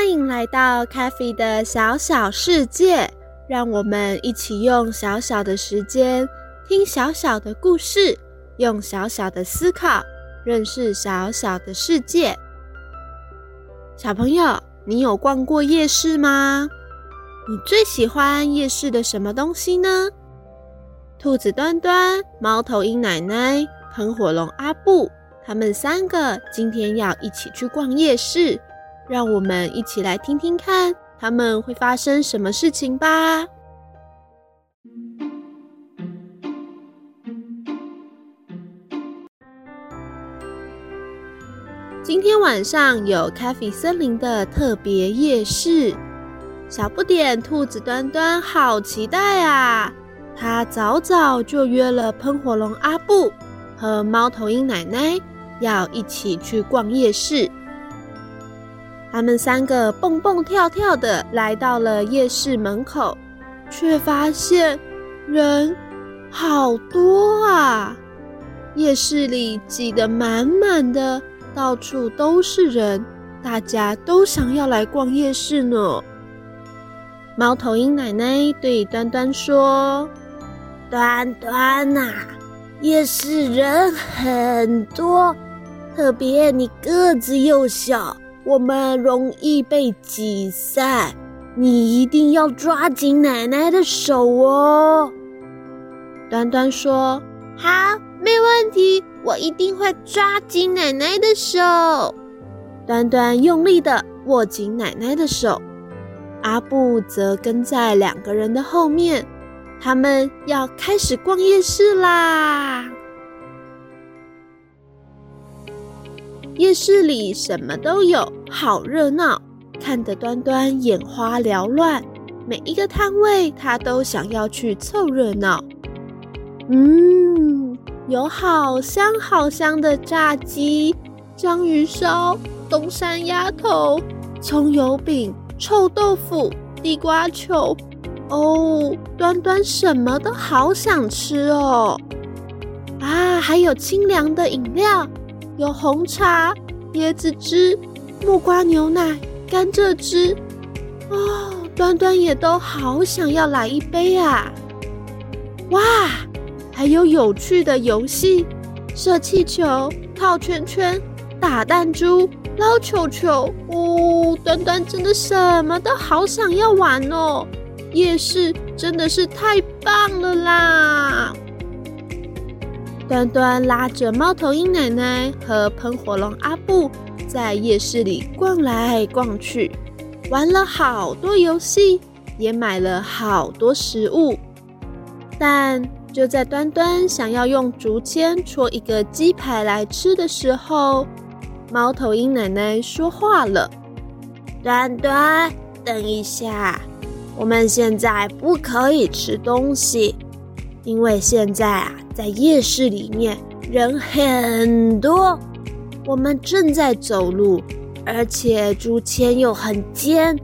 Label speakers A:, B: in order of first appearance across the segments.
A: 歡迎來到 Cafe 的小小世界，讓我們一起用小小的時間，聽小小的故事，用小小的思考，認識小小的世界。小朋友，你有逛過夜市嗎？你最喜歡夜市的什麼東西呢？兔子端端、貓頭鷹奶奶、噴火龍阿布，他們三個今天要一起去逛夜市。讓我們一起來聽聽看，他們會發生什麼事情吧。今天晚上有咖啡森林的特別夜市，小不點兔子端端好期待啊！他早早就約了噴火龍阿布和貓頭鷹奶奶，要一起去逛夜市。他們三個蹦蹦跳跳的來到了夜市門口，卻發現人好多啊！夜市裡擠得滿滿的，到處都是人，大家都想要來逛夜市呢。貓頭鷹奶奶對端端說：“端端啊，夜市人很多，特別你個子又小。”我們容易被擠散，你一定要抓緊奶奶的手哦。端端說：“好，沒問題，我一定會抓緊奶奶的手。”端端用力地握緊奶奶的手，阿布則跟在兩個人的後面，他們要開始逛夜市啦。夜市裡什麼都有，好熱鬧，看得端端眼花繚亂。每一個攤位，他都想要去湊熱鬧。嗯，有好香好香的炸雞、章魚燒、東山鴨頭、蔥油餅、臭豆腐、地瓜球。哦，端端什麼都好想吃哦。啊，還有清涼的飲料。有紅茶、椰子汁、木瓜牛奶、甘蔗汁，哦，端端也都好想要來一杯啊！哇，還有有趣的遊戲，射氣球、套圈圈、打彈珠、撈球球，哦，端端真的什麼都好想要玩哦！夜市真的是太棒了啦！端端拉着貓頭鷹奶奶和噴火龍阿布在夜市裡逛來逛去，玩了好多遊戲，也買了好多食物。但就在端端想要用竹籤戳戳一個雞排來吃的時候，貓頭鷹奶奶說話了：“端端，等一下，我們現在不可以吃東西。”因為現在啊，在夜市裡面人很多，我們正在走路，而且竹籤又很尖，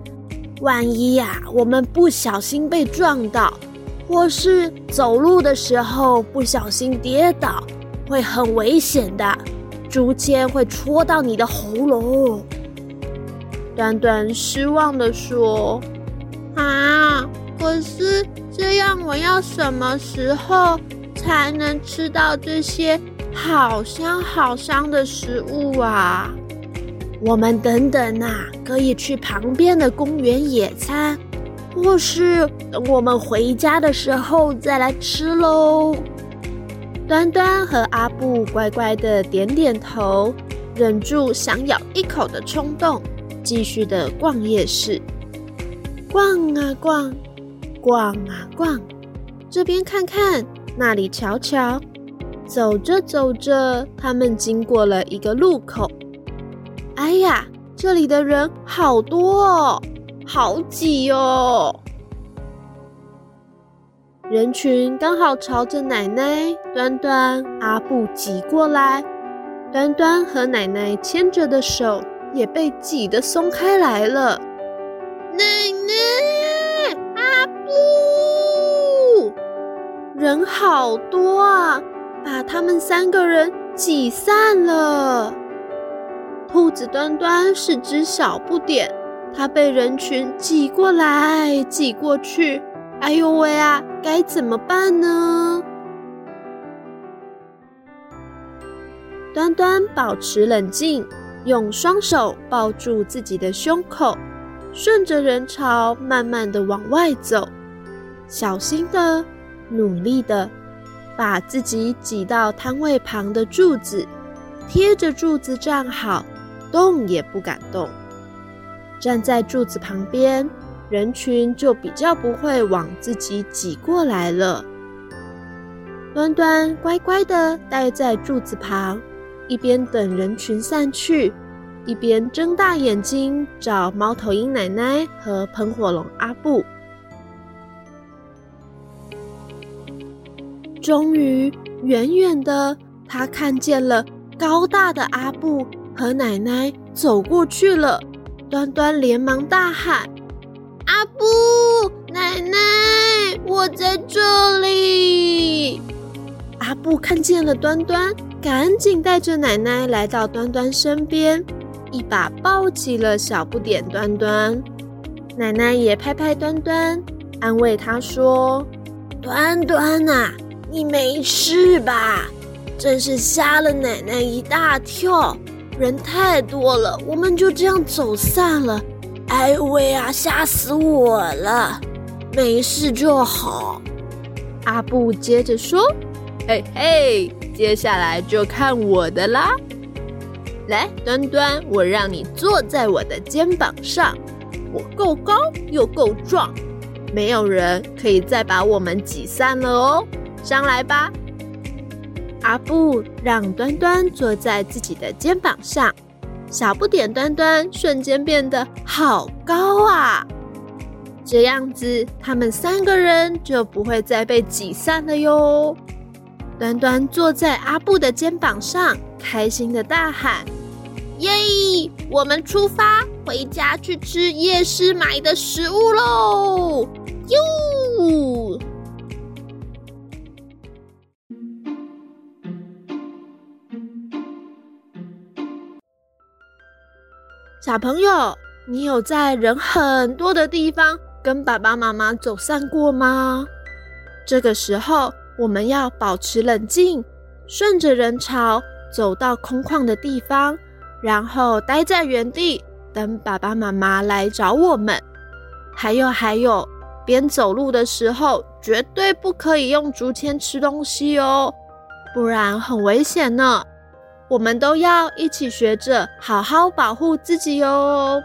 A: 萬一呀、啊，我們不小心被撞到，或是走路的時候不小心跌倒，會很危險的，竹籤會戳到你的喉嚨。”端端失望的說：“啊。”可是這樣，我要什麼時候才能吃到這些好香好香的食物啊？我們等等呐、啊，可以去旁邊的公園野餐，或是等我們回家的時候再來吃嘍。端端和阿布乖乖的點點頭，忍住想咬一口的衝動，繼續的逛夜市，逛啊逛。逛啊逛，這邊看看，那裡瞧瞧。走着走着，他們經過了一個路口。哎呀，這裡的人好多哦，好擠喲、哦！人群剛好朝着奶奶、端端、阿布擠過來，端端和奶奶牽着的手也被擠得鬆開來了。那。人好多啊，把他們三個人擠散了。兔子端端是隻小不點，它被人群擠過來擠過去，哎呦喂啊，該怎麼辦呢？端端保持冷靜，用雙手抱住自己的胸口，順着人潮慢慢的往外走，小心的。努力的把自己擠到攤位旁的柱子，貼着柱子站好，動也不敢動。站在柱子旁邊，人群就比較不會往自己擠過來了。端端乖乖地待在柱子旁，一邊等人群散去，一邊睜大眼睛找貓頭鷹奶奶和噴火龍阿布。終於，遠遠的，他看見了高大的阿布和奶奶走過去了。端端連忙大喊：“阿布，奶奶，我在這裡！”阿布看見了端端，趕緊帶着奶奶來到端端身邊，一把抱起了小不點端端。奶奶也拍拍端端，安慰他說：“端端啊。”你沒事吧？真是嚇了奶奶一大跳！人太多了，我們就這樣走散了。哎喂啊，嚇死我了！沒事就好。阿布接着說：“嘿嘿，接下來就看我的啦！來，端端，我讓你坐在我的肩膀上，我夠高又夠壯，沒有人可以再把我們擠散了哦。”上來吧，阿布讓端端坐在自己的肩膀上。小不點端端瞬間變得好高啊！這樣子他們三個人就不會再被擠散了喲。端端坐在阿布的肩膀上，開心地大喊：“耶！我們出發回家去吃夜市買的食物嘍！”喲。小朋友，你有在人很多的地方跟爸爸媽媽走散過嗎？這個時候，我們要保持冷靜，順着人潮走到空曠的地方，然後待在原地等爸爸媽媽來找我們。還有還有，邊走路的時候絕對不可以用竹籤吃東西哦，不然很危險呢。我們都要一起學着好好保護自己喲、哦。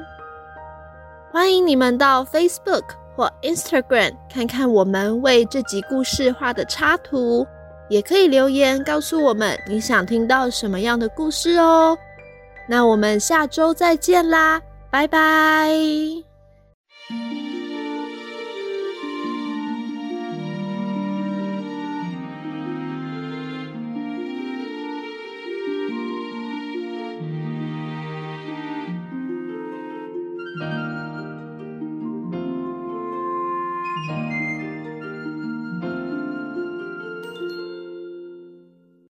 A: 歡迎你們到 Facebook 或 Instagram 看看我們為這集故事畫的插圖，也可以留言告訴我們你想聽到什麼樣的故事哦。那我們下周再見啦，拜拜。